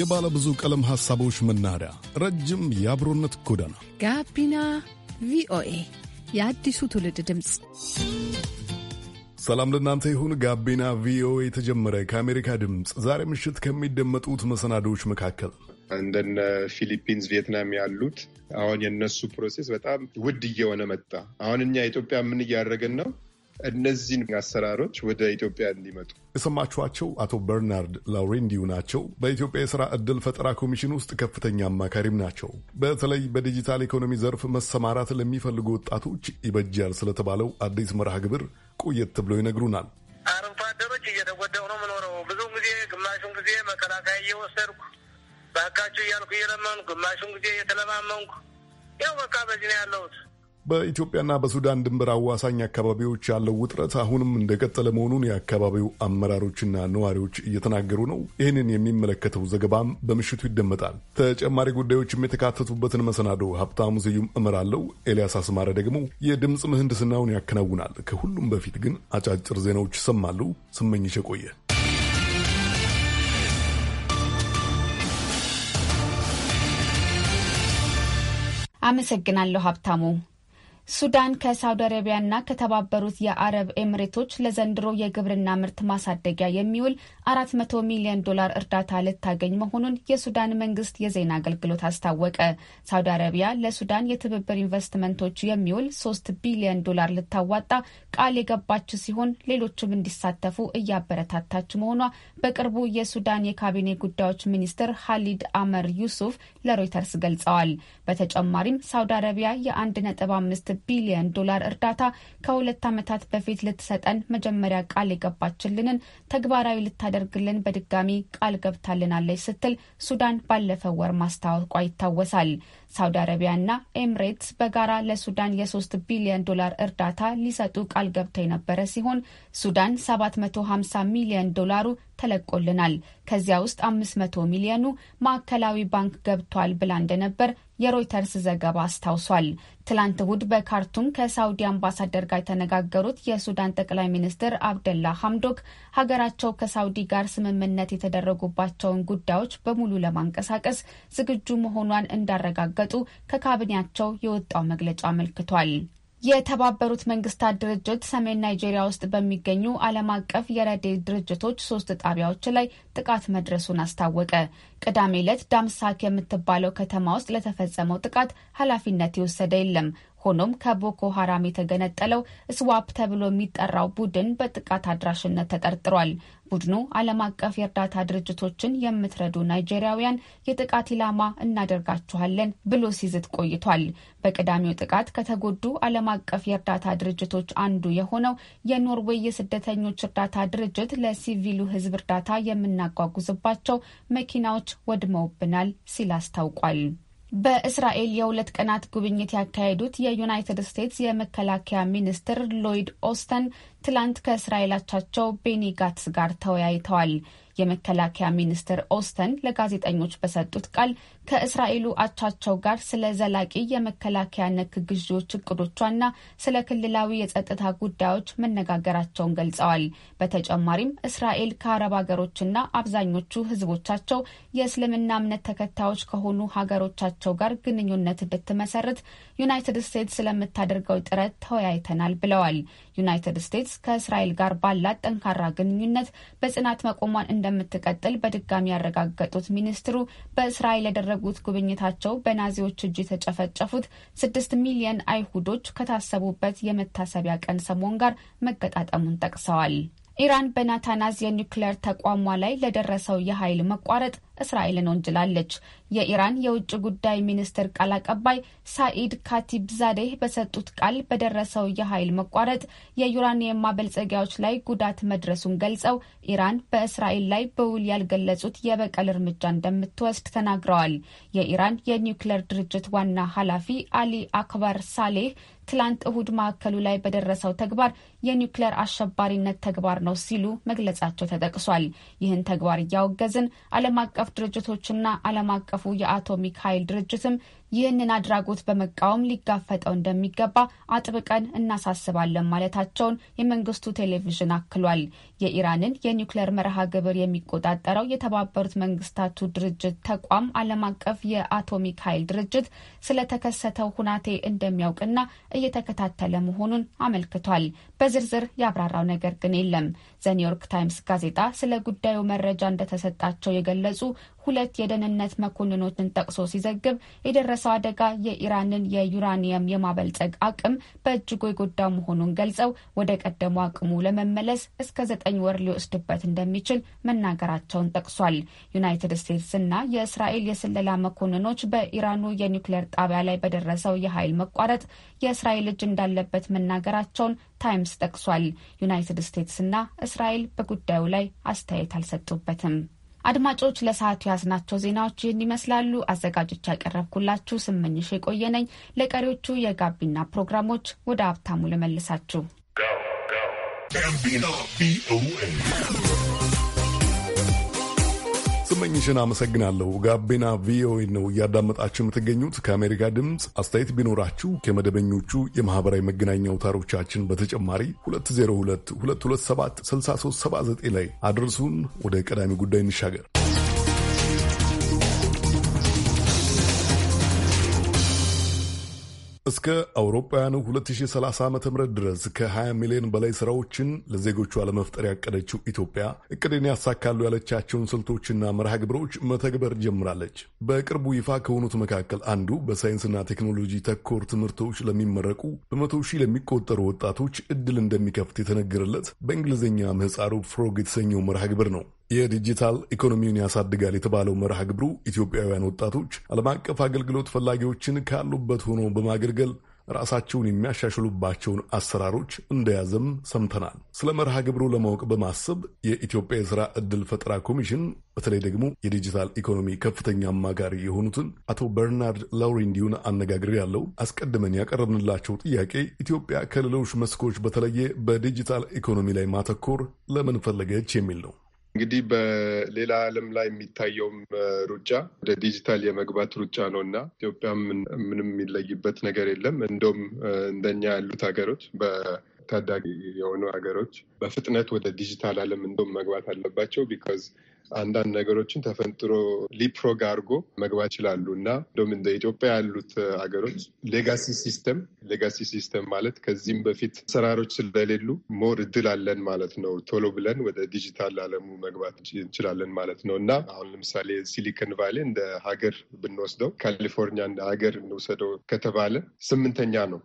የባለ ብዙ ቀለም ሐሳቦች መናኸሪያ፣ ረጅም የአብሮነት ጎዳና ጋቢና ቪኦኤ የአዲሱ ትውልድ ድምፅ። ሰላም ለእናንተ ይሁን። ጋቢና ቪኦኤ የተጀመረ ከአሜሪካ ድምፅ ዛሬ ምሽት ከሚደመጡት መሰናዶዎች መካከል እንደነ ፊሊፒንስ፣ ቪየትናም ያሉት አሁን የነሱ ፕሮሴስ በጣም ውድ እየሆነ መጣ። አሁን እኛ ኢትዮጵያ ምን እያደረገን ነው? እነዚህን አሰራሮች ወደ ኢትዮጵያ እንዲመጡ የሰማችኋቸው አቶ በርናርድ ላውሬንዲው ናቸው። በኢትዮጵያ የሥራ ዕድል ፈጠራ ኮሚሽን ውስጥ ከፍተኛ አማካሪም ናቸው። በተለይ በዲጂታል ኢኮኖሚ ዘርፍ መሰማራት ለሚፈልጉ ወጣቶች ይበጃል ስለተባለው አዲስ መርሃ ግብር ቆየት ብሎ ይነግሩናል። አርብቶ አደሮች እየተጎዳሁ ነው የምኖረው። ብዙ ጊዜ ግማሹን ጊዜ መከላከያ እየወሰድኩ ባካችሁ እያልኩ እየለመንኩ፣ ግማሹን ጊዜ እየተለማመንኩ ያው በቃ በዚህ ነው ያለሁት። በኢትዮጵያና በሱዳን ድንበር አዋሳኝ አካባቢዎች ያለው ውጥረት አሁንም እንደቀጠለ መሆኑን የአካባቢው አመራሮችና ነዋሪዎች እየተናገሩ ነው። ይህንን የሚመለከተው ዘገባም በምሽቱ ይደመጣል። ተጨማሪ ጉዳዮችም የተካተቱበትን መሰናዶ ሀብታሙ ስዩም እመራለሁ። ኤልያስ አስማረ ደግሞ የድምፅ ምህንድስናውን ያከናውናል። ከሁሉም በፊት ግን አጫጭር ዜናዎች ይሰማሉ። ስመኝሽ ቆየ አመሰግናለሁ ሀብታሙ። ሱዳን ከሳውዲ አረቢያና ከተባበሩት የአረብ ኤምሬቶች ለዘንድሮ የግብርና ምርት ማሳደጊያ የሚውል አራት መቶ ሚሊዮን ዶላር እርዳታ ልታገኝ መሆኑን የሱዳን መንግስት የዜና አገልግሎት አስታወቀ። ሳውዲ አረቢያ ለሱዳን የትብብር ኢንቨስትመንቶች የሚውል ሶስት ቢሊዮን ዶላር ልታዋጣ ቃል የገባች ሲሆን ሌሎችም እንዲሳተፉ እያበረታታች መሆኗ በቅርቡ የሱዳን የካቢኔ ጉዳዮች ሚኒስትር ሀሊድ አመር ዩሱፍ ለሮይተርስ ገልጸዋል። በተጨማሪም ሳውዲ አረቢያ የአንድ ነጥብ አምስት ቢሊዮን ዶላር እርዳታ ከሁለት ዓመታት በፊት ልትሰጠን መጀመሪያ ቃል የገባችልንን ተግባራዊ ልታደርግልን በድጋሚ ቃል ገብታልናለች ስትል ሱዳን ባለፈው ወር ማስታወቋ ይታወሳል። ሳውዲ አረቢያና ኤምሬትስ በጋራ ለሱዳን የሶስት ቢሊዮን ዶላር እርዳታ ሊሰጡ ቃል ገብተው የነበረ ሲሆን ሱዳን 750 ሚሊዮን ዶላሩ ተለቆልናል፣ ከዚያ ውስጥ 500 ሚሊዮኑ ማዕከላዊ ባንክ ገብቷል ብላ እንደነበር የሮይተርስ ዘገባ አስታውሷል። ትላንት እሁድ በካርቱም ከሳውዲ አምባሳደር ጋር የተነጋገሩት የሱዳን ጠቅላይ ሚኒስትር አብደላ ሐምዶክ ሀገራቸው ከሳውዲ ጋር ስምምነት የተደረጉባቸውን ጉዳዮች በሙሉ ለማንቀሳቀስ ዝግጁ መሆኗን እንዳረጋገጡ ከካቢኔያቸው የወጣው መግለጫ አመልክቷል። የተባበሩት መንግስታት ድርጅት ሰሜን ናይጄሪያ ውስጥ በሚገኙ ዓለም አቀፍ የረድኤት ድርጅቶች ሶስት ጣቢያዎች ላይ ጥቃት መድረሱን አስታወቀ። ቅዳሜ ዕለት ዳምሳክ የምትባለው ከተማ ውስጥ ለተፈጸመው ጥቃት ኃላፊነት የወሰደ የለም። ሆኖም ከቦኮ ሀራም የተገነጠለው ስዋፕ ተብሎ የሚጠራው ቡድን በጥቃት አድራሽነት ተጠርጥሯል። ቡድኑ ዓለም አቀፍ የእርዳታ ድርጅቶችን የምትረዱ ናይጄሪያውያን የጥቃት ኢላማ እናደርጋችኋለን ብሎ ሲዝት ቆይቷል። በቅዳሜው ጥቃት ከተጎዱ ዓለም አቀፍ የእርዳታ ድርጅቶች አንዱ የሆነው የኖርዌይ የስደተኞች እርዳታ ድርጅት ለሲቪሉ ሕዝብ እርዳታ የምናጓጉዝባቸው መኪናዎች ወድመውብናል ሲል አስታውቋል። በእስራኤል የሁለት ቀናት ጉብኝት ያካሄዱት የዩናይትድ ስቴትስ የመከላከያ ሚኒስትር ሎይድ ኦስተን ትላንት ከእስራኤል አቻቸው ቤኒ ጋትስ ጋር ተወያይተዋል። የመከላከያ ሚኒስትር ኦስተን ለጋዜጠኞች በሰጡት ቃል ከእስራኤሉ አቻቸው ጋር ስለ ዘላቂ የመከላከያ ነክ ግዢዎች እቅዶቿና ስለ ክልላዊ የጸጥታ ጉዳዮች መነጋገራቸውን ገልጸዋል። በተጨማሪም እስራኤል ከአረብ ሀገሮችና አብዛኞቹ ሕዝቦቻቸው የእስልምና እምነት ተከታዮች ከሆኑ ሀገሮቻቸው ጋር ግንኙነት እንድትመሰርት ዩናይትድ ስቴትስ ስለምታደርገው ጥረት ተወያይተናል ብለዋል። ዩናይትድ ስቴትስ ከእስራኤል ጋር ባላት ጠንካራ ግንኙነት በጽናት መቆሟን እንደምትቀጥል በድጋሚ ያረጋገጡት ሚኒስትሩ በእስራኤል ያደረጉት ጉብኝታቸው በናዚዎች እጅ የተጨፈጨፉት ስድስት ሚሊየን አይሁዶች ከታሰቡበት የመታሰቢያ ቀን ሰሞን ጋር መገጣጠሙን ጠቅሰዋል። ኢራን በናታናዝ የኒውክሌር ተቋሟ ላይ ለደረሰው የኃይል መቋረጥ እስራኤልን ወንጅላለች። የኢራን የውጭ ጉዳይ ሚኒስትር ቃል አቀባይ ሳኢድ ካቲብ ዛዴህ በሰጡት ቃል በደረሰው የኃይል መቋረጥ የዩራኒየም ማበልጸጊያዎች ላይ ጉዳት መድረሱን ገልጸው ኢራን በእስራኤል ላይ በውል ያልገለጹት የበቀል እርምጃ እንደምትወስድ ተናግረዋል። የኢራን የኒውክሌር ድርጅት ዋና ኃላፊ አሊ አክባር ሳሌህ ትላንት እሁድ ማዕከሉ ላይ በደረሰው ተግባር የኒውክሌር አሸባሪነት ተግባር ነው ሲሉ መግለጻቸው ተጠቅሷል። ይህን ተግባር እያወገዝን ዓለም አቀፍ ድርጅቶችና ዓለም አቀፍ የአቶሚክ ኃይል ድርጅትም ይህንን አድራጎት በመቃወም ሊጋፈጠው እንደሚገባ አጥብቀን እናሳስባለን ማለታቸውን የመንግስቱ ቴሌቪዥን አክሏል። የኢራንን የኒውክሌር መርሃ ግብር የሚቆጣጠረው የተባበሩት መንግስታቱ ድርጅት ተቋም ዓለም አቀፍ የአቶሚክ ኃይል ድርጅት ስለተከሰተው ሁናቴ እንደሚያውቅና እየተከታተለ መሆኑን አመልክቷል። በዝርዝር ያብራራው ነገር ግን የለም። ዘኒውዮርክ ታይምስ ጋዜጣ ስለ ጉዳዩ መረጃ እንደተሰጣቸው የገለጹ ሁለት የደህንነት መኮንኖችን ጠቅሶ ሲዘግብ የደረ። የደረሰው አደጋ የኢራንን የዩራኒየም የማበልጸግ አቅም በእጅጉ የጎዳው መሆኑን ገልጸው ወደ ቀደሙ አቅሙ ለመመለስ እስከ ዘጠኝ ወር ሊወስድበት እንደሚችል መናገራቸውን ጠቅሷል። ዩናይትድ ስቴትስ እና የእስራኤል የስለላ መኮንኖች በኢራኑ የኒውክሌር ጣቢያ ላይ በደረሰው የኃይል መቋረጥ የእስራኤል እጅ እንዳለበት መናገራቸውን ታይምስ ጠቅሷል። ዩናይትድ ስቴትስ ና እስራኤል በጉዳዩ ላይ አስተያየት አልሰጡበትም። አድማጮች ለሰዓቱ የያዝናቸው ዜናዎች ይህን ይመስላሉ። አዘጋጆች ያቀረብኩላችሁ ስመኝሽ የቆየነኝ። ለቀሪዎቹ የጋቢና ፕሮግራሞች ወደ ሀብታሙ ልመልሳችሁ። ስመኝሽን አመሰግናለሁ። ጋቢና ቪኦኤ ነው እያዳመጣችሁ የምትገኙት ከአሜሪካ ድምፅ። አስተያየት ቢኖራችሁ ከመደበኞቹ የማህበራዊ መገናኛ አውታሮቻችን በተጨማሪ 2022276379 ላይ አድርሱን። ወደ ቀዳሚ ጉዳይ እንሻገር። እስከ አውሮፓውያኑ 2030 ዓ ም ድረስ ከ20 ሚሊዮን በላይ ስራዎችን ለዜጎቿ ለመፍጠር ያቀደችው ኢትዮጵያ እቅድን ያሳካሉ ያለቻቸውን ስልቶችና መርሃ ግብሮች መተግበር ጀምራለች። በቅርቡ ይፋ ከሆኑት መካከል አንዱ በሳይንስና ቴክኖሎጂ ተኮር ትምህርቶች ለሚመረቁ በመቶ ሺህ ለሚቆጠሩ ወጣቶች እድል እንደሚከፍት የተነገረለት በእንግሊዝኛ ምህፃሩ ፍሮግ የተሰኘው መርሃ ግብር ነው። የዲጂታል ኢኮኖሚውን ያሳድጋል የተባለው መርሃ ግብሩ ኢትዮጵያውያን ወጣቶች ዓለም አቀፍ አገልግሎት ፈላጊዎችን ካሉበት ሆኖ በማገልገል ራሳቸውን የሚያሻሽሉባቸውን አሰራሮች እንደያዘም ሰምተናል። ስለ መርሃ ግብሩ ለማወቅ በማሰብ የኢትዮጵያ የሥራ ዕድል ፈጠራ ኮሚሽን በተለይ ደግሞ የዲጂታል ኢኮኖሚ ከፍተኛ አማካሪ የሆኑትን አቶ በርናርድ እንዲሁን አነጋግር ያለው አስቀድመን ያቀረብንላቸው ጥያቄ ኢትዮጵያ ከሌሎች መስኮች በተለየ በዲጂታል ኢኮኖሚ ላይ ማተኮር ለምን ፈለገች የሚል ነው። እንግዲህ በሌላ ዓለም ላይ የሚታየውም ሩጫ ወደ ዲጂታል የመግባት ሩጫ ነው እና ኢትዮጵያም ምንም የሚለይበት ነገር የለም። እንደውም እንደኛ ያሉት ሀገሮች በታዳጊ የሆኑ ሀገሮች በፍጥነት ወደ ዲጂታል ዓለም እንደውም መግባት አለባቸው ቢካዝ አንዳንድ ነገሮችን ተፈንጥሮ ሊፕሮግ አድርጎ መግባት ይችላሉ እና እንደውም እንደ ኢትዮጵያ ያሉት ሀገሮች ሌጋሲ ሲስተም ሌጋሲ ሲስተም ማለት ከዚህም በፊት አሰራሮች ስለሌሉ ሞር እድል አለን ማለት ነው። ቶሎ ብለን ወደ ዲጂታል አለሙ መግባት እንችላለን ማለት ነው እና አሁን ለምሳሌ ሲሊከን ቫሌ እንደ ሀገር ብንወስደው ካሊፎርኒያ እንደ ሀገር እንወሰደው ከተባለ ስምንተኛ ነው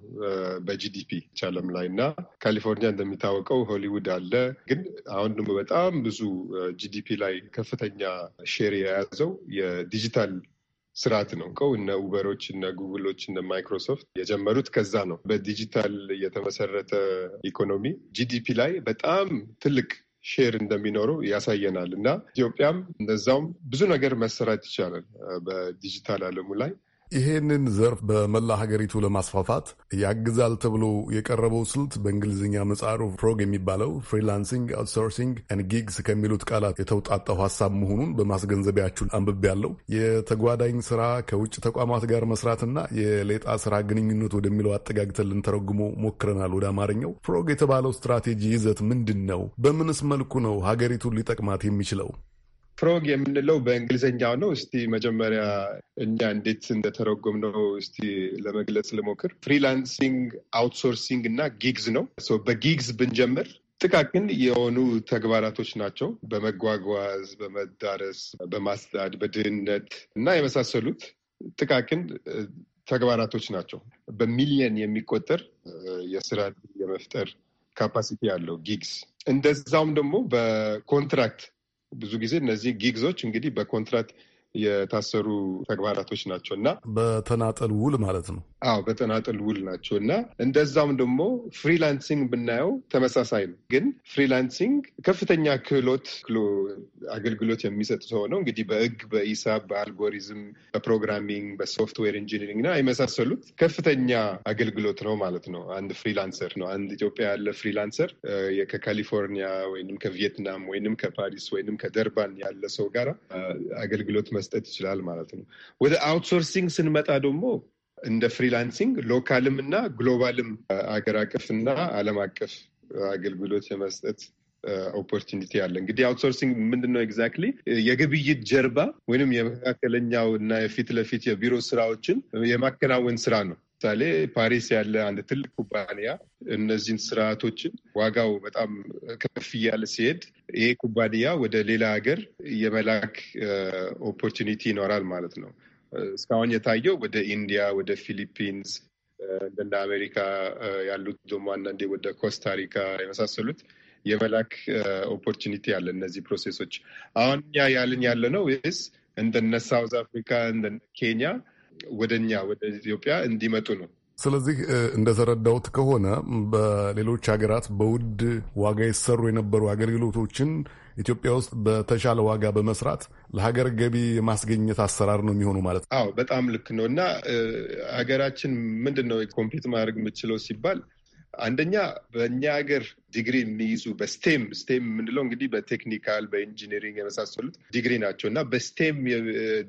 በጂዲፒ ቻለም ላይ እና ካሊፎርኒያ እንደሚታወቀው ሆሊውድ አለ ግን አሁን ደግሞ በጣም ብዙ ጂዲፒ ላይ ከፍተኛ ሼር የያዘው የዲጂታል ስርዓት ነው። ከው እነ ኡበሮች እነ ጉግሎች እነ ማይክሮሶፍት የጀመሩት ከዛ ነው። በዲጂታል የተመሰረተ ኢኮኖሚ ጂዲፒ ላይ በጣም ትልቅ ሼር እንደሚኖረው ያሳየናል። እና ኢትዮጵያም እንደዛውም ብዙ ነገር መሰራት ይቻላል በዲጂታል አለሙ ላይ ይሄንን ዘርፍ በመላ ሀገሪቱ ለማስፋፋት ያግዛል ተብሎ የቀረበው ስልት በእንግሊዝኛ መጻሩ ፍሮግ የሚባለው ፍሪላንሲንግ አውትሶርሲንግ ኤንድ ጊግስ ከሚሉት ቃላት የተውጣጣው ሀሳብ መሆኑን በማስገንዘቢያችሁ አንብቤ ያለው የተጓዳኝ ስራ ከውጭ ተቋማት ጋር መስራትና የሌጣ ስራ ግንኙነት ወደሚለው አጠጋግተን ልንተረጉሞ ሞክረናል ወደ አማርኛው። ፍሮግ የተባለው ስትራቴጂ ይዘት ምንድን ነው? በምንስ መልኩ ነው ሀገሪቱን ሊጠቅማት የሚችለው? ፍሮግ የምንለው በእንግሊዝኛው ነው። እስቲ መጀመሪያ እኛ እንዴት እንደተረጎም ነው እስቲ ለመግለጽ ልሞክር። ፍሪላንሲንግ፣ አውትሶርሲንግ እና ጊግዝ ነው። በጊግዝ ብንጀምር ጥቃቅን የሆኑ ተግባራቶች ናቸው። በመጓጓዝ፣ በመዳረስ፣ በማጽዳድ፣ በድህነት እና የመሳሰሉት ጥቃቅን ተግባራቶች ናቸው። በሚሊየን የሚቆጠር የስራ የመፍጠር ካፓሲቲ ያለው ጊግስ። እንደዛውም ደግሞ በኮንትራክት ብዙ ጊዜ እነዚህ ጊግዞች እንግዲህ በኮንትራት የታሰሩ ተግባራቶች ናቸው እና በተናጠል ውል ማለት ነው። አዎ በተናጠል ውል ናቸው እና እንደዛም ደግሞ ፍሪላንሲንግ ብናየው ተመሳሳይ ነው። ግን ፍሪላንሲንግ ከፍተኛ ክህሎት አገልግሎት የሚሰጥ ሰው ነው እንግዲህ በህግ፣ በሂሳብ፣ በአልጎሪዝም፣ በፕሮግራሚንግ፣ በሶፍትዌር ኢንጂኒሪንግ እና የመሳሰሉት ከፍተኛ አገልግሎት ነው ማለት ነው። አንድ ፍሪላንሰር ነው አንድ ኢትዮጵያ ያለ ፍሪላንሰር ከካሊፎርኒያ ወይንም ከቪየትናም ወይንም ከፓሪስ ወይንም ከደርባን ያለ ሰው ጋር አገልግሎት መስጠት ይችላል ማለት ነው። ወደ አውትሶርሲንግ ስንመጣ ደግሞ እንደ ፍሪላንሲንግ ሎካልም እና ግሎባልም አገር አቀፍ እና ዓለም አቀፍ አገልግሎት የመስጠት ኦፖርቹኒቲ አለ። እንግዲህ አውትሶርሲንግ ምንድን ነው ኤግዛክትሊ? የግብይት ጀርባ ወይም የመካከለኛው እና የፊት ለፊት የቢሮ ስራዎችን የማከናወን ስራ ነው። ምሳሌ ፓሪስ ያለ አንድ ትልቅ ኩባንያ እነዚህን ስርዓቶችን ዋጋው በጣም ከፍ እያለ ሲሄድ ይሄ ኩባንያ ወደ ሌላ ሀገር የመላክ ኦፖርቹኒቲ ይኖራል ማለት ነው። እስካሁን የታየው ወደ ኢንዲያ፣ ወደ ፊሊፒንስ እንደ አሜሪካ ያሉት ደግሞ አንዳንዴ ወደ ኮስታሪካ የመሳሰሉት የመላክ ኦፖርቹኒቲ አለ። እነዚህ ፕሮሴሶች አሁን እኛ ያልን ያለ ነው ስ እንደነ ሳውዝ አፍሪካ እንደነ ኬንያ ወደኛ ወደ ኢትዮጵያ እንዲመጡ ነው። ስለዚህ እንደተረዳሁት ከሆነ በሌሎች ሀገራት በውድ ዋጋ ይሰሩ የነበሩ አገልግሎቶችን ኢትዮጵያ ውስጥ በተሻለ ዋጋ በመስራት ለሀገር ገቢ የማስገኘት አሰራር ነው የሚሆኑ ማለት ነው። አዎ በጣም ልክ ነው። እና ሀገራችን ምንድን ነው ኮምፒት ማድረግ የምችለው ሲባል አንደኛ በእኛ ሀገር ዲግሪ የሚይዙ በስቴም ስቴም የምንለው እንግዲህ በቴክኒካል በኢንጂነሪንግ የመሳሰሉት ዲግሪ ናቸው እና በስቴም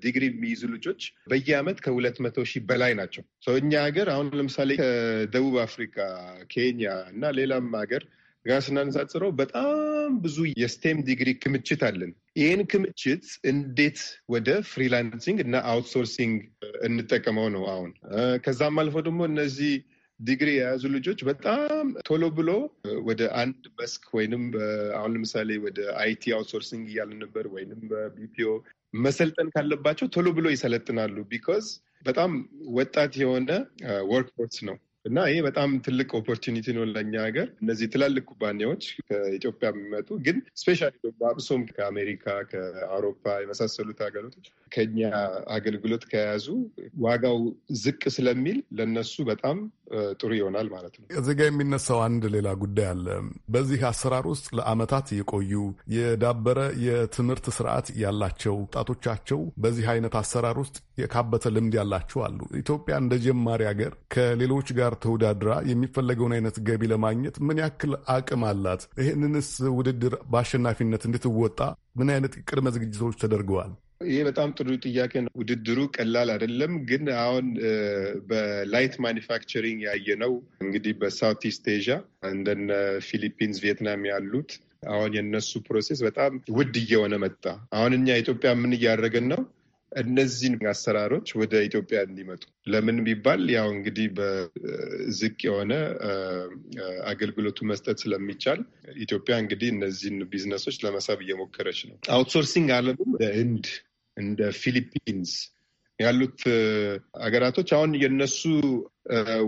ዲግሪ የሚይዙ ልጆች በየአመት ከሁለት መቶ ሺህ በላይ ናቸው። እኛ ሀገር አሁን ለምሳሌ ከደቡብ አፍሪካ፣ ኬንያ እና ሌላም ሀገር ጋር ስናነጻጽረው በጣም ብዙ የስቴም ዲግሪ ክምችት አለን። ይህን ክምችት እንዴት ወደ ፍሪላንሲንግ እና አውትሶርሲንግ እንጠቀመው ነው አሁን ከዛም አልፎ ደግሞ እነዚህ ዲግሪ የያዙ ልጆች በጣም ቶሎ ብሎ ወደ አንድ መስክ ወይንም አሁን ለምሳሌ ወደ አይቲ አውትሶርሲንግ እያለ ነበር ወይንም በቢፒኦ መሰልጠን ካለባቸው ቶሎ ብሎ ይሰለጥናሉ። ቢኮዝ በጣም ወጣት የሆነ ወርክፎርስ ነው እና ይሄ በጣም ትልቅ ኦፖርቹኒቲ ነው ለእኛ ሀገር። እነዚህ ትላልቅ ኩባንያዎች ከኢትዮጵያ የሚመጡ ግን ስፔሻሊ ደግሞ አብሶም ከአሜሪካ፣ ከአውሮፓ የመሳሰሉት አገሎቶች ከኛ አገልግሎት ከያዙ ዋጋው ዝቅ ስለሚል ለነሱ በጣም ጥሩ ይሆናል ማለት ነው። እዚህ ጋር የሚነሳው አንድ ሌላ ጉዳይ አለ። በዚህ አሰራር ውስጥ ለአመታት የቆዩ የዳበረ የትምህርት ስርዓት ያላቸው ወጣቶቻቸው በዚህ አይነት አሰራር ውስጥ የካበተ ልምድ ያላቸው አሉ። ኢትዮጵያ እንደ ጀማሪ ሀገር ከሌሎች ጋር ተወዳድራ የሚፈለገውን አይነት ገቢ ለማግኘት ምን ያክል አቅም አላት? ይህንንስ ውድድር በአሸናፊነት እንድትወጣ ምን አይነት ቅድመ ዝግጅቶች ተደርገዋል? ይህ በጣም ጥሩ ጥያቄ ነው። ውድድሩ ቀላል አይደለም። ግን አሁን በላይት ማኒፋክቸሪንግ ያየነው እንግዲህ በሳውት ኢስት ኤዥያ እንደነ ፊሊፒንስ፣ ቪየትናም ያሉት አሁን የነሱ ፕሮሴስ በጣም ውድ እየሆነ መጣ። አሁን እኛ ኢትዮጵያ ምን እያደረገን ነው? እነዚህን አሰራሮች ወደ ኢትዮጵያ እንዲመጡ ለምን ቢባል ያው እንግዲህ በዝቅ የሆነ አገልግሎቱ መስጠት ስለሚቻል ኢትዮጵያ እንግዲህ እነዚህን ቢዝነሶች ለመሳብ እየሞከረች ነው። አውትሶርሲንግ ዓለምም እንደ ህንድ እንደ ፊሊፒንስ ያሉት አገራቶች አሁን የነሱ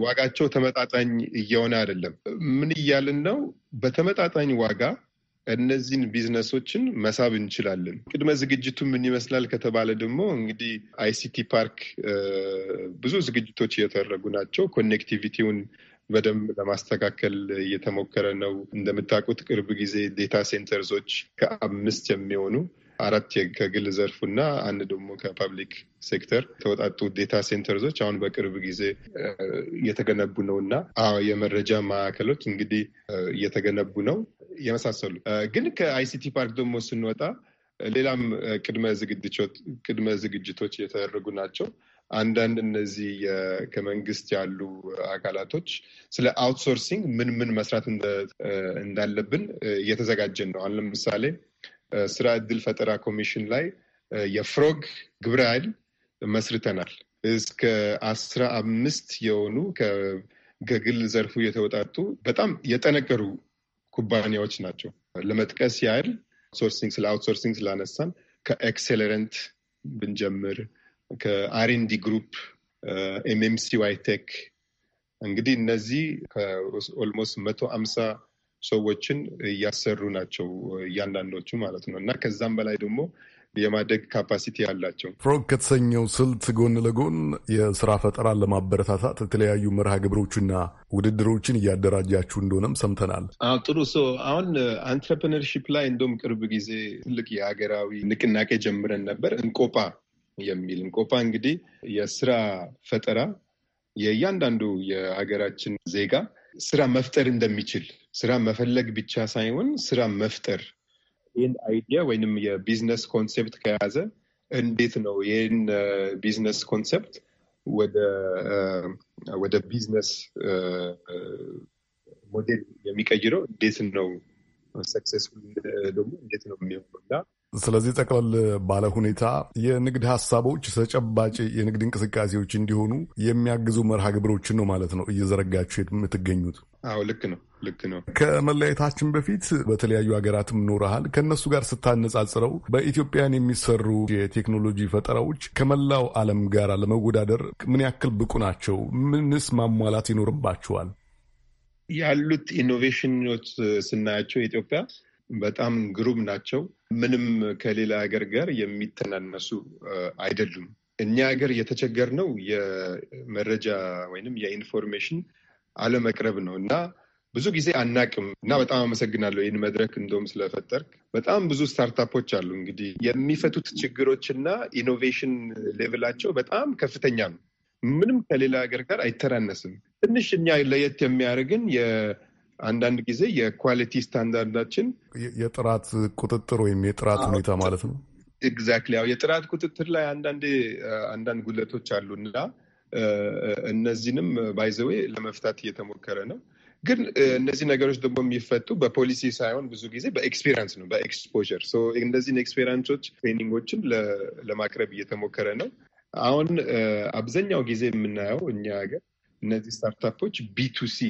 ዋጋቸው ተመጣጣኝ እየሆነ አይደለም። ምን እያልን ነው? በተመጣጣኝ ዋጋ እነዚህን ቢዝነሶችን መሳብ እንችላለን። ቅድመ ዝግጅቱ ምን ይመስላል ከተባለ ደግሞ እንግዲህ አይሲቲ ፓርክ ብዙ ዝግጅቶች እየተደረጉ ናቸው። ኮኔክቲቪቲውን በደንብ ለማስተካከል እየተሞከረ ነው። እንደምታውቁት ቅርብ ጊዜ ዴታ ሴንተርዞች ከአምስት የሚሆኑ አራት ከግል ዘርፉ እና አንድ ደግሞ ከፐብሊክ ሴክተር የተወጣጡ ዴታ ሴንተርዞች አሁን በቅርብ ጊዜ እየተገነቡ ነው እና የመረጃ ማዕከሎች እንግዲህ እየተገነቡ ነው። የመሳሰሉ ግን ከአይሲቲ ፓርክ ደግሞ ስንወጣ ሌላም ቅድመ ዝግጅቶች እየተደረጉ ናቸው። አንዳንድ እነዚህ ከመንግስት ያሉ አካላቶች ስለ አውትሶርሲንግ ምን ምን መስራት እንዳለብን እየተዘጋጀን ነው። አሁን ለምሳሌ ስራ እድል ፈጠራ ኮሚሽን ላይ የፍሮግ ግብረ ኃይል መስርተናል። እስከ አስራ አምስት የሆኑ ከግል ዘርፉ የተወጣጡ በጣም የጠነቀሩ ኩባንያዎች ናቸው። ለመጥቀስ ያህል ሶርሲንግ ስለ አውትሶርሲንግ ስላነሳን ከኤክሴለረንት ብንጀምር ከአርንዲ ግሩፕ፣ ኤምኤምሲ ዋይቴክ እንግዲህ እነዚህ ከኦልሞስት መቶ አምሳ ሰዎችን እያሰሩ ናቸው እያንዳንዶቹ ማለት ነው እና ከዛም በላይ ደግሞ የማደግ ካፓሲቲ አላቸው ፍሮግ ከተሰኘው ስልት ጎን ለጎን የስራ ፈጠራን ለማበረታታት የተለያዩ መርሃ ግብሮችና ውድድሮችን እያደራጃችሁ እንደሆነም ሰምተናል። ጥሩ ሰው አሁን አንትረፕነርሺፕ ላይ እንደውም ቅርብ ጊዜ ትልቅ የሀገራዊ ንቅናቄ ጀምረን ነበር። እንቆጳ የሚል እንቆጳ እንግዲህ የስራ ፈጠራ የእያንዳንዱ የሀገራችን ዜጋ ስራ መፍጠር እንደሚችል ስራ መፈለግ ብቻ ሳይሆን ስራ መፍጠር ይህን አይዲያ ወይንም የቢዝነስ ኮንሴፕት ከያዘ እንዴት ነው ይህን ቢዝነስ uh, ኮንሴፕት ወደ ቢዝነስ uh, ሞዴል uh, የሚቀይረው እንዴት ነው ሰክሴስፉል ደግሞ እንዴት ነው የሚሆነው እና ስለዚህ ጠቅለል ባለ ሁኔታ የንግድ ሀሳቦች ተጨባጭ የንግድ እንቅስቃሴዎች እንዲሆኑ የሚያግዙ መርሃ ግብሮችን ነው ማለት ነው እየዘረጋችሁ የምትገኙት? አዎ ልክ ነው ልክ ነው። ከመለያየታችን በፊት በተለያዩ ሀገራትም ኖረሃል። ከእነሱ ጋር ስታነጻጽረው በኢትዮጵያን የሚሰሩ የቴክኖሎጂ ፈጠራዎች ከመላው ዓለም ጋር ለመወዳደር ምን ያክል ብቁ ናቸው? ምንስ ማሟላት ይኖርባቸዋል? ያሉት ኢኖቬሽኖች ስናያቸው ኢትዮጵያ በጣም ግሩም ናቸው። ምንም ከሌላ ሀገር ጋር የሚተናነሱ አይደሉም። እኛ ሀገር የተቸገርነው የመረጃ ወይንም የኢንፎርሜሽን አለመቅረብ ነው እና ብዙ ጊዜ አናቅም እና በጣም አመሰግናለሁ ይህን መድረክ እንደውም ስለፈጠርክ። በጣም ብዙ ስታርታፖች አሉ እንግዲህ የሚፈቱት ችግሮችና ኢኖቬሽን ሌቭላቸው በጣም ከፍተኛ ነው። ምንም ከሌላ ሀገር ጋር አይተናነስም። ትንሽ እኛ ለየት የሚያደርግን አንዳንድ ጊዜ የኳሊቲ ስታንዳርዳችን የጥራት ቁጥጥር ወይም የጥራት ሁኔታ ማለት ነው። ኤግዛክትሊ ያው የጥራት ቁጥጥር ላይ አንዳንድ አንዳንድ ጉለቶች አሉ እና እነዚህንም ባይዘዌ ለመፍታት እየተሞከረ ነው። ግን እነዚህ ነገሮች ደግሞ የሚፈቱ በፖሊሲ ሳይሆን ብዙ ጊዜ በኤክስፔሪንስ ነው፣ በኤክስፖር እነዚህን ኤክስፔሪንሶች ትሬኒንጎችን ለማቅረብ እየተሞከረ ነው። አሁን አብዛኛው ጊዜ የምናየው እኛ ሀገር እነዚህ ስታርታፖች ቢቱሲ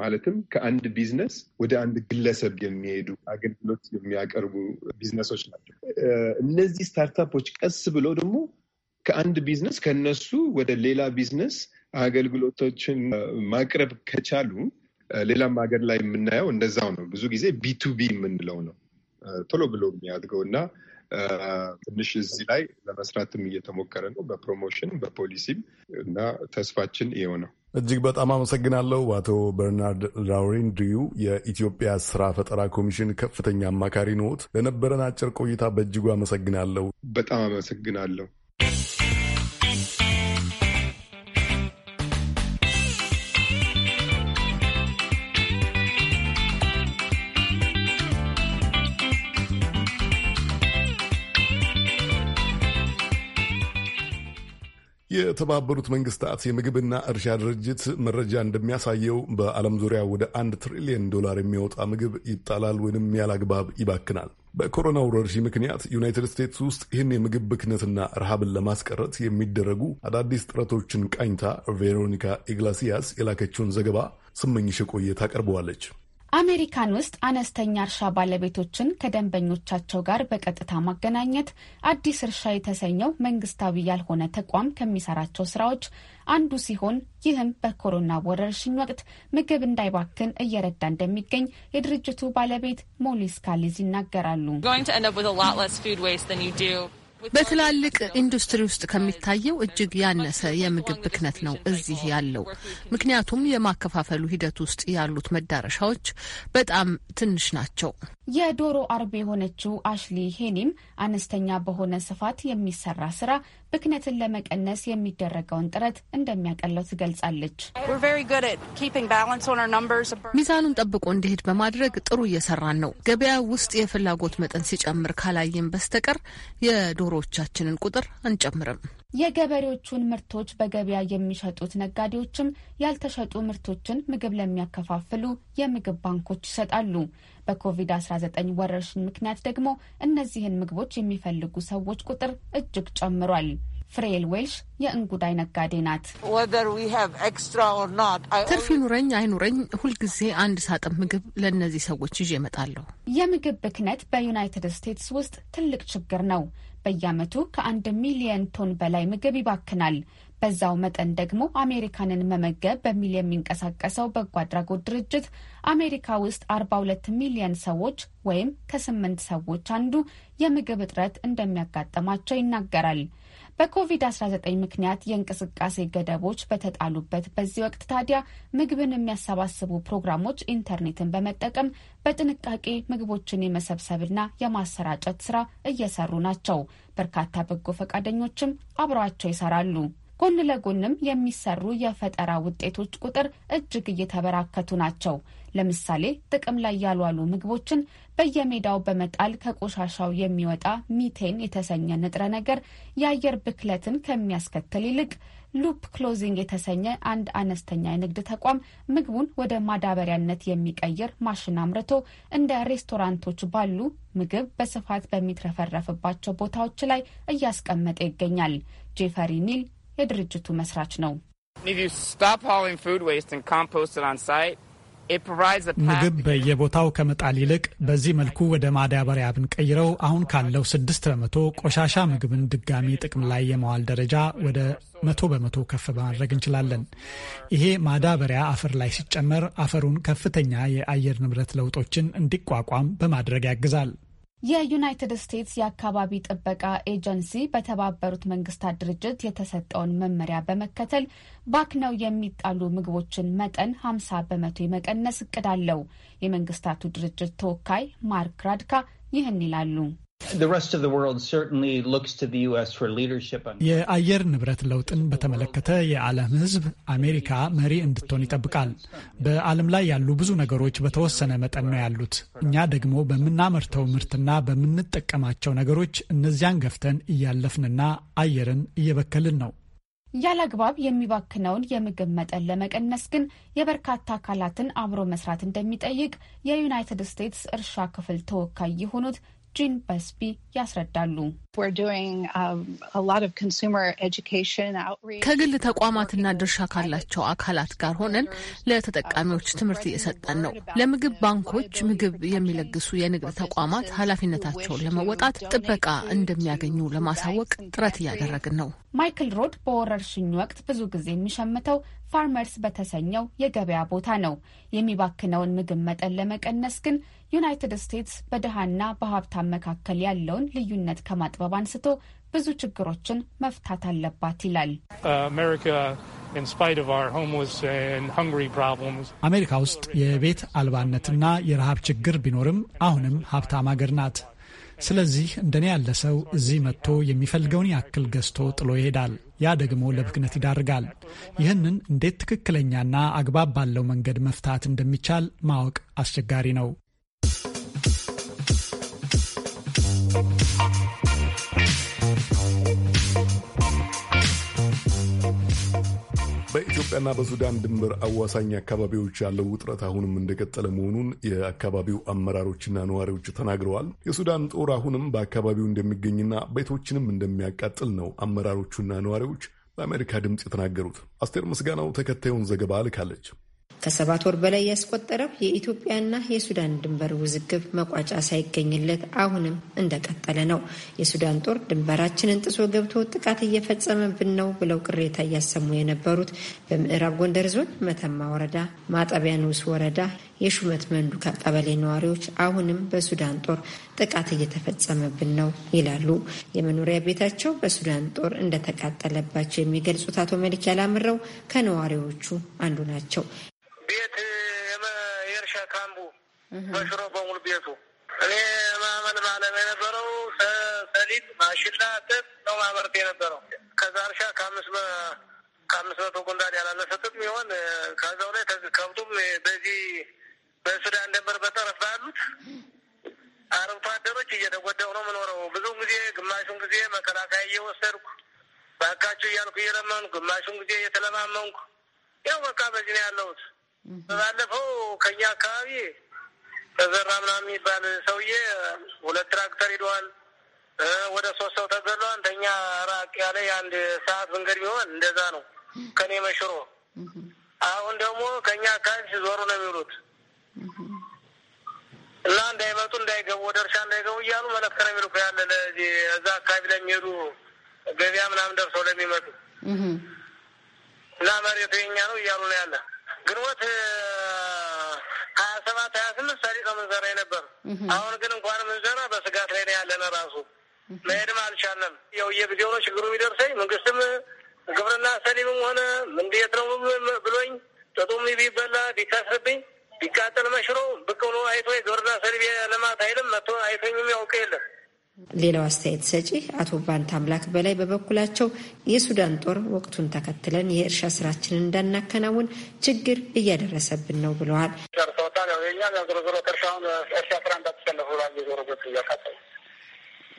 ማለትም ከአንድ ቢዝነስ ወደ አንድ ግለሰብ የሚሄዱ አገልግሎት የሚያቀርቡ ቢዝነሶች ናቸው። እነዚህ ስታርታፖች ቀስ ብሎ ደግሞ ከአንድ ቢዝነስ ከነሱ ወደ ሌላ ቢዝነስ አገልግሎቶችን ማቅረብ ከቻሉ ሌላም ሀገር ላይ የምናየው እንደዛው ነው። ብዙ ጊዜ ቢቱቢ የምንለው ነው ቶሎ ብሎ የሚያድገው እና ትንሽ እዚህ ላይ ለመስራትም እየተሞከረ ነው በፕሮሞሽን በፖሊሲም እና ተስፋችን ይኸው ነው። እጅግ በጣም አመሰግናለሁ አቶ በርናርድ ድዩ የኢትዮጵያ ስራ ፈጠራ ኮሚሽን ከፍተኛ አማካሪ ነዎት። ለነበረን አጭር ቆይታ በእጅጉ አመሰግናለሁ። በጣም አመሰግናለሁ። Thank you. የተባበሩት መንግስታት የምግብና እርሻ ድርጅት መረጃ እንደሚያሳየው በዓለም ዙሪያ ወደ አንድ ትሪሊየን ዶላር የሚወጣ ምግብ ይጣላል ወይንም ያላግባብ ይባክናል። በኮሮና ወረርሽኝ ምክንያት ዩናይትድ ስቴትስ ውስጥ ይህን የምግብ ብክነትና ረሃብን ለማስቀረት የሚደረጉ አዳዲስ ጥረቶችን ቃኝታ ቬሮኒካ ኢግላሲያስ የላከችውን ዘገባ ስመኝሽ ቆየት ታቀርበዋለች። አሜሪካን ውስጥ አነስተኛ እርሻ ባለቤቶችን ከደንበኞቻቸው ጋር በቀጥታ ማገናኘት አዲስ እርሻ የተሰኘው መንግስታዊ ያልሆነ ተቋም ከሚሰራቸው ስራዎች አንዱ ሲሆን ይህም በኮሮና ወረርሽኝ ወቅት ምግብ እንዳይባክን እየረዳ እንደሚገኝ የድርጅቱ ባለቤት ሞሊስ ካሊዝ ይናገራሉ። በትላልቅ ኢንዱስትሪ ውስጥ ከሚታየው እጅግ ያነሰ የምግብ ብክነት ነው እዚህ ያለው። ምክንያቱም የማከፋፈሉ ሂደት ውስጥ ያሉት መዳረሻዎች በጣም ትንሽ ናቸው። የዶሮ አርቢ የሆነችው አሽሊ ሄኒም አነስተኛ በሆነ ስፋት የሚሰራ ስራ ብክነትን ለመቀነስ የሚደረገውን ጥረት እንደሚያቀለው ትገልጻለች። ሚዛኑን ጠብቆ እንዲሄድ በማድረግ ጥሩ እየሰራን ነው። ገበያ ውስጥ የፍላጎት መጠን ሲጨምር ካላየን በስተቀር የዶሮዎቻችንን ቁጥር አንጨምርም። የገበሬዎቹን ምርቶች በገበያ የሚሸጡት ነጋዴዎችም ያልተሸጡ ምርቶችን ምግብ ለሚያከፋፍሉ የምግብ ባንኮች ይሰጣሉ። በኮቪድ-19 ወረርሽኝ ምክንያት ደግሞ እነዚህን ምግቦች የሚፈልጉ ሰዎች ቁጥር እጅግ ጨምሯል። ፍሬል ዌልሽ የእንጉዳይ ነጋዴ ናት። ትርፍ ይኑረኝ አይኑረኝ ሁልጊዜ አንድ ሳጥን ምግብ ለእነዚህ ሰዎች ይዤ እመጣለሁ። የምግብ ብክነት በዩናይትድ ስቴትስ ውስጥ ትልቅ ችግር ነው። በየዓመቱ ከአንድ ሚሊየን ቶን በላይ ምግብ ይባክናል። በዛው መጠን ደግሞ አሜሪካንን መመገብ በሚል የሚንቀሳቀሰው በጎ አድራጎት ድርጅት አሜሪካ ውስጥ አርባ ሁለት ሚሊየን ሰዎች ወይም ከስምንት ሰዎች አንዱ የምግብ እጥረት እንደሚያጋጥማቸው ይናገራል። በኮቪድ-19 ምክንያት የእንቅስቃሴ ገደቦች በተጣሉበት በዚህ ወቅት ታዲያ ምግብን የሚያሰባስቡ ፕሮግራሞች ኢንተርኔትን በመጠቀም በጥንቃቄ ምግቦችን የመሰብሰብና የማሰራጨት ስራ እየሰሩ ናቸው። በርካታ በጎ ፈቃደኞችም አብረዋቸው ይሰራሉ። ጎን ለጎንም የሚሰሩ የፈጠራ ውጤቶች ቁጥር እጅግ እየተበራከቱ ናቸው። ለምሳሌ ጥቅም ላይ ያልዋሉ ምግቦችን በየሜዳው በመጣል ከቆሻሻው የሚወጣ ሚቴን የተሰኘ ንጥረ ነገር የአየር ብክለትን ከሚያስከትል ይልቅ ሉፕ ክሎዚንግ የተሰኘ አንድ አነስተኛ የንግድ ተቋም ምግቡን ወደ ማዳበሪያነት የሚቀይር ማሽን አምርቶ እንደ ሬስቶራንቶች ባሉ ምግብ በስፋት በሚትረፈረፍባቸው ቦታዎች ላይ እያስቀመጠ ይገኛል። ጄፈሪ ኒል የድርጅቱ መስራች ነው። ምግብ በየቦታው ከመጣል ይልቅ በዚህ መልኩ ወደ ማዳበሪያ ብንቀይረው አሁን ካለው ስድስት በመቶ ቆሻሻ ምግብን ድጋሚ ጥቅም ላይ የመዋል ደረጃ ወደ መቶ በመቶ ከፍ በማድረግ እንችላለን። ይሄ ማዳበሪያ አፈር ላይ ሲጨመር አፈሩን ከፍተኛ የአየር ንብረት ለውጦችን እንዲቋቋም በማድረግ ያግዛል። የዩናይትድ ስቴትስ የአካባቢ ጥበቃ ኤጀንሲ በተባበሩት መንግስታት ድርጅት የተሰጠውን መመሪያ በመከተል ባክነው የሚጣሉ ምግቦችን መጠን 50 በመቶ የመቀነስ እቅድ አለው። የመንግስታቱ ድርጅት ተወካይ ማርክ ራድካ ይህን ይላሉ። የአየር ንብረት ለውጥን በተመለከተ የዓለም ሕዝብ አሜሪካ መሪ እንድትሆን ይጠብቃል። በዓለም ላይ ያሉ ብዙ ነገሮች በተወሰነ መጠን ነው ያሉት። እኛ ደግሞ በምናመርተው ምርትና በምንጠቀማቸው ነገሮች እነዚያን ገፍተን እያለፍንና አየርን እየበከልን ነው። ያለአግባብ የሚባክነውን የምግብ መጠን ለመቀነስ ግን የበርካታ አካላትን አብሮ መስራት እንደሚጠይቅ የዩናይትድ ስቴትስ እርሻ ክፍል ተወካይ የሆኑት ጂን በስቢ ያስረዳሉ። Um, ከግል ተቋማትና ድርሻ ካላቸው አካላት ጋር ሆነን ለተጠቃሚዎች ትምህርት እየሰጠን ነው። ለምግብ ባንኮች ምግብ የሚለግሱ የንግድ ተቋማት ኃላፊነታቸውን ለመወጣት ጥበቃ እንደሚያገኙ ለማሳወቅ ጥረት እያደረግን ነው። ማይክል ሮድ በወረርሽኝ ወቅት ብዙ ጊዜ የሚሸምተው ፋርመርስ በተሰኘው የገበያ ቦታ ነው። የሚባክነውን ምግብ መጠን ለመቀነስ ግን ዩናይትድ ስቴትስ በድሃና በሀብታም መካከል ያለውን ልዩነት ከማጥበ አበባ አንስቶ ብዙ ችግሮችን መፍታት አለባት ይላል። አሜሪካ ውስጥ የቤት አልባነትና የረሃብ ችግር ቢኖርም አሁንም ሀብታም አገር ናት። ስለዚህ እንደኔ ያለ ሰው እዚህ መጥቶ የሚፈልገውን ያክል ገዝቶ ጥሎ ይሄዳል። ያ ደግሞ ለብክነት ይዳርጋል። ይህንን እንዴት ትክክለኛና አግባብ ባለው መንገድ መፍታት እንደሚቻል ማወቅ አስቸጋሪ ነው። በኢትዮጵያና በሱዳን ድንበር አዋሳኝ አካባቢዎች ያለው ውጥረት አሁንም እንደቀጠለ መሆኑን የአካባቢው አመራሮችና ነዋሪዎች ተናግረዋል። የሱዳን ጦር አሁንም በአካባቢው እንደሚገኝና ቤቶችንም እንደሚያቃጥል ነው አመራሮቹና ነዋሪዎች ለአሜሪካ ድምፅ የተናገሩት። አስቴር ምስጋናው ተከታዩን ዘገባ ልካለች። ከሰባት ወር በላይ ያስቆጠረው የኢትዮጵያና የሱዳን ድንበር ውዝግብ መቋጫ ሳይገኝለት አሁንም እንደቀጠለ ነው። የሱዳን ጦር ድንበራችንን ጥሶ ገብቶ ጥቃት እየፈጸመብን ነው ብለው ቅሬታ እያሰሙ የነበሩት በምዕራብ ጎንደር ዞን መተማ ወረዳ ማጠቢያ ንዑስ ወረዳ የሹመት መንዱካ ቀበሌ ነዋሪዎች አሁንም በሱዳን ጦር ጥቃት እየተፈጸመብን ነው ይላሉ። የመኖሪያ ቤታቸው በሱዳን ጦር እንደተቃጠለባቸው የሚገልጹት አቶ መልክ ያላምረው ከነዋሪዎቹ አንዱ ናቸው። ቤት የእርሻ ካምቡ በሽሮ በሙሉ ቤቱ እኔ ማመል ማለም የነበረው ሰሊጥ፣ ማሽላ፣ ጥጥ ነው ማመርት የነበረው ከዛ እርሻ ከአምስት ከአምስት መቶ ጉንዳድ ያላነሰ ይሆን ከዛው ላይ ከብቱም በዚህ በሱዳን ደንበር በጠረፍ ባሉት አርብቶ አደሮች እየተጎዳሁ ነው የምኖረው። ብዙውን ጊዜ ግማሹን ጊዜ መከላከያ እየወሰድኩ ባካችሁ እያልኩ እየለመንኩ ግማሹን ጊዜ እየተለማመንኩ ያው በቃ በዚህ ነው ያለሁት። አካባቢ ተዘራ ምናምን የሚባል ሰውዬ ሁለት ትራክተር ሂደዋል። ወደ ሶስት ሰው ተገሏል። አንደኛ ራቅ ያለ የአንድ ሰዓት መንገድ ቢሆን እንደዛ ነው። ከኔ መሽሮ አሁን ደግሞ ከእኛ አካባቢ ሲዞሩ ነው የሚውሉት እና እንዳይመጡ እንዳይገቡ ወደ እርሻ እንዳይገቡ እያሉ መለክት ነው የሚልኩ ያለ ለዚህ እዛ አካባቢ ለሚሄዱ ገበያ ምናምን ደርሰው ለሚመጡ እና መሬቱ የኛ ነው እያሉ ነው ያለ ግንቦት ሀያ ሰባት ሀያ ስምንት ሰሊጥ ምንዘራ የነበር። አሁን ግን እንኳን ምንዘራ በስጋት ላይ ነው ያለነ። ራሱ መሄድም አልቻለም። ያው የጊዜው ነው ችግሩ የሚደርሰኝ። መንግስትም ግብርና ሰሊምም ሆነ እንዴት ነው ብሎኝ ጥጡም ቢበላ ቢከስርብኝ ቢቃጠል መሽሮ ብቅ ብሎ አይቶ የግብርና ሰሊም የልማት አይልም መቶ አይቶኝም ያውቅ የለም ሌላው አስተያየት ሰጪ አቶ ባንት አምላክ በላይ በበኩላቸው የሱዳን ጦር ወቅቱን ተከትለን የእርሻ ስራችንን እንዳናከናውን ችግር እያደረሰብን ነው ብለዋል።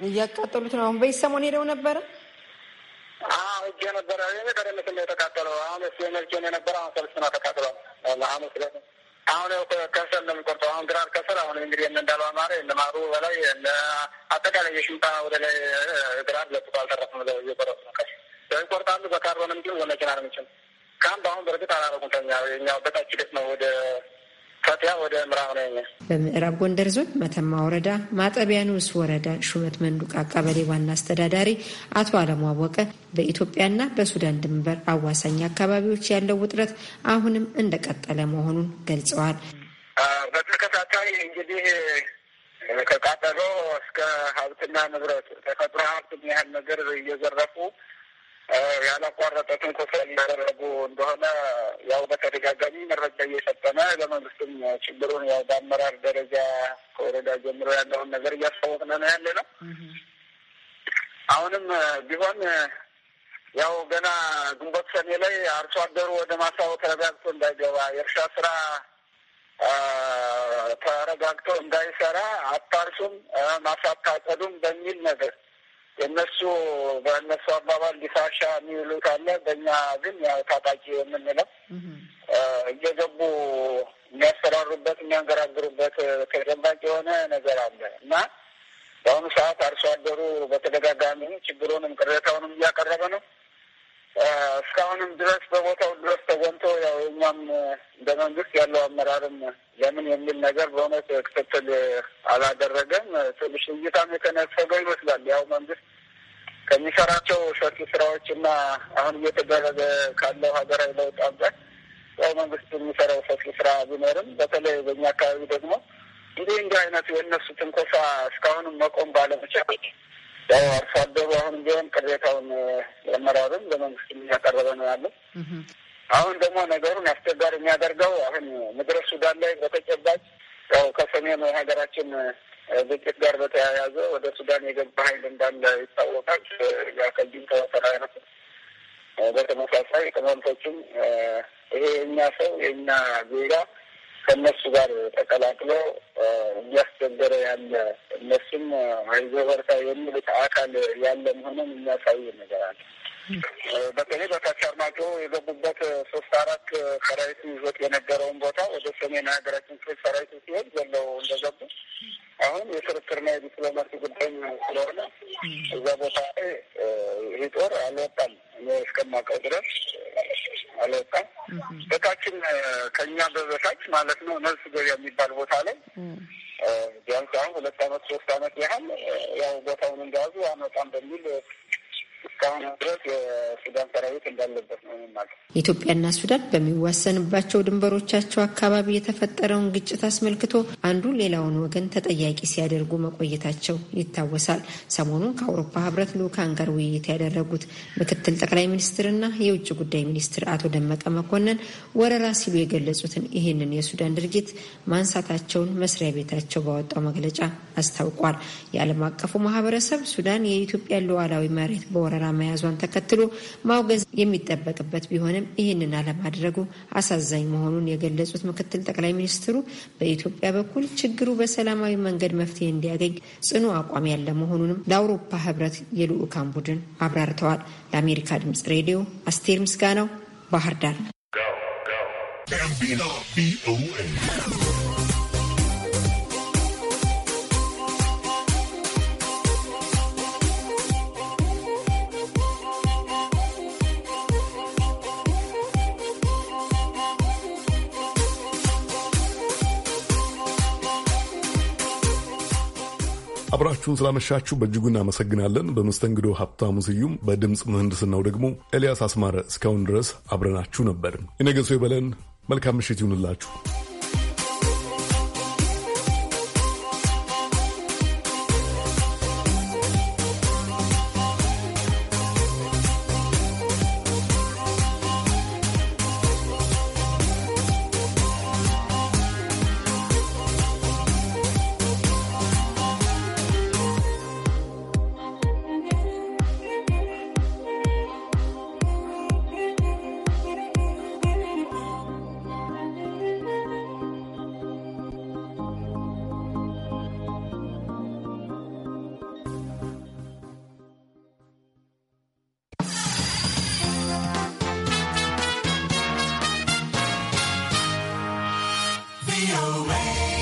እያቃጠሉት ነው። አሁን በይ ሰሞን ሄደው ነበረ እጄ ነበረ ቀደምት ስለ የተቃጠለው አሁን መልኬን የነበረ አሁን ሰልስና ተቃጥሏል። አሁን ያው ከሰል ነው የሚቆርጠው። አሁን ግራር ከሰል አሁን እንግዲህ እንዳሉ አማረ እንደማሩ በላይ እንደ አጠቃላይ የሽምጣ ወደ ላይ ግራር ለጥቶ አልተረፍም። እየቆረጡ ነው ከሰል ይቆርጣሉ። በካርቦን ምጭ ወመኪና ነው ምችል ካም በአሁን በእርግጥ አላረጉም። ከኛ የኛው በታች ደት ነው ወደ ከዚያ ወደ ምዕራብ ነው። በምዕራብ ጎንደር ዞን መተማ ወረዳ ማጠቢያ ንዑስ ወረዳ ሹመት መንዱቃ ቀበሌ ዋና አስተዳዳሪ አቶ አለሙ አወቀ በኢትዮጵያና በሱዳን ድንበር አዋሳኝ አካባቢዎች ያለው ውጥረት አሁንም እንደቀጠለ መሆኑን ገልጸዋል። በተከታታይ እንግዲህ ከቃጠሎ እስከ ሀብትና ንብረት ተፈጥሮ ሀብት ያህል ነገር እየዘረፉ ያላቋረጠ ትንኮሳ እያደረጉ እንደሆነ ያው በተደጋጋሚ መረጃ እየሰጠነ ለመንግስትም ችግሩን ያው በአመራር ደረጃ ከወረዳ ጀምሮ ያለውን ነገር እያስታወቅን ነው ያለ ነው። አሁንም ቢሆን ያው ገና ግንቦት ሰኔ ላይ አርሶ አደሩ ወደ ማሳው ተረጋግቶ እንዳይገባ የእርሻ ስራ ተረጋግቶ እንዳይሰራ አታርሱም፣ ማሳ አታጨዱም በሚል ነገር የእነሱ በእነሱ አባባል ሊፋሻ የሚውሉት አለ። በእኛ ግን ያው ታጣቂ የምንለው እየገቡ የሚያስፈራሩበት የሚያንገራግሩበት ተጨባጭ የሆነ ነገር አለ እና በአሁኑ ሰዓት አርሶ አደሩ በተደጋጋሚ ችግሩንም ቅሬታውንም እያቀረበ ነው። እስካሁንም ድረስ በቦታው ድረስ ተጎንቶ ያው እኛም እንደ መንግስት ያለው አመራርም ለምን የሚል ነገር በእውነት ክትትል አላደረገም። ትንሽ እይታም የተነፈገው ይመስላል። ያው መንግስት ከሚሰራቸው ሰፊ ስራዎች እና አሁን እየተደረገ ካለው ሀገራዊ ለውጥ አንጻር ያው መንግስት የሚሰራው ሰፊ ስራ ቢኖርም በተለይ በእኛ አካባቢ ደግሞ እንዲህ እንዲህ አይነቱ የእነሱ ትንኮሳ እስካሁንም መቆም ባለመቻል ያው አርሶ አደሩ አሁን ቢሆን ቅሬታውን ለአመራሩም ለመንግስት የሚያቀረበ ነው ያለው። አሁን ደግሞ ነገሩን አስቸጋሪ የሚያደርገው አሁን ምድረ ሱዳን ላይ በተጨባጭ ያው ከሰሜኑ የሀገራችን ግጭት ጋር በተያያዘ ወደ ሱዳን የገባ ኃይል እንዳለ ይታወቃል። ከዚህም ተወሰራ አይነት በተመሳሳይ ቅመምቶችም ይሄ የእኛ ሰው የእኛ ዜጋ ከእነሱ ጋር ተቀላቅሎ እያስቸገረ ያለ እነሱም አይዞህ በርታ የሚሉት አካል ያለ መሆኑን የሚያሳይ ነገር አለ። በተለይ በታች አርማጭሆ የገቡበት ሶስት አራት ሰራዊቱ ይዞት የነበረውን ቦታ ወደ ሰሜን ሀገራችን ክፍል ሰራዊቱ ሲሆን ዘለው እንደገቡ አሁን የክርክርና የዲፕሎማሲ ጉዳይ ስለሆነ እዛ ቦታ ላይ ይህ ጦር አልወጣም፣ እኔ እስከማውቀው ድረስ አልወጣም። በታችን ከእኛ በበታች ማለት ነው መልስ ገበያ የሚባል ቦታ ላይ ቢያንስ አሁን ሁለት አመት ሶስት አመት ያህል ያው ቦታውን እንደያዙ አመጣም በሚል እስካሁን ድረስ የሱዳን ሰራዊት እንዳለበት ነው ማለት። ኢትዮጵያና ሱዳን በሚዋሰንባቸው ድንበሮቻቸው አካባቢ የተፈጠረውን ግጭት አስመልክቶ አንዱ ሌላውን ወገን ተጠያቂ ሲያደርጉ መቆየታቸው ይታወሳል። ሰሞኑን ከአውሮፓ ህብረት ልኡካን ጋር ውይይት ያደረጉት ምክትል ጠቅላይ ሚኒስትርና የውጭ ጉዳይ ሚኒስትር አቶ ደመቀ መኮንን ወረራ ሲሉ የገለጹትን ይህንን የሱዳን ድርጊት ማንሳታቸውን መስሪያ ቤታቸው ባወጣው መግለጫ አስታውቋል። የዓለም አቀፉ ማህበረሰብ ሱዳን የኢትዮጵያ ሉዓላዊ መሬት በወረራ መያዟን ተከትሎ ማውገዝ የሚጠበቅበት ቢሆንም ይህንን አለማድረጉ አሳዛኝ መሆኑን የገለጹት ምክትል ጠቅላይ ሚኒስትሩ በኢትዮጵያ በኩል ችግሩ በሰላማዊ መንገድ መፍትሄ እንዲያገኝ ጽኑ አቋም ያለ መሆኑንም ለአውሮፓ ህብረት የልዑካን ቡድን አብራርተዋል። ለአሜሪካ ድምጽ ሬዲዮ አስቴር ምስጋናው ባህር ዳር። አብራችሁን ስላመሻችሁ በእጅጉ እናመሰግናለን። በመስተንግዶ ሀብታሙ ስዩም፣ በድምፅ ምህንድስናው ደግሞ ኤልያስ አስማረ። እስካሁን ድረስ አብረናችሁ ነበር። የነገ ሰው ይበለን። መልካም ምሽት ይሁንላችሁ።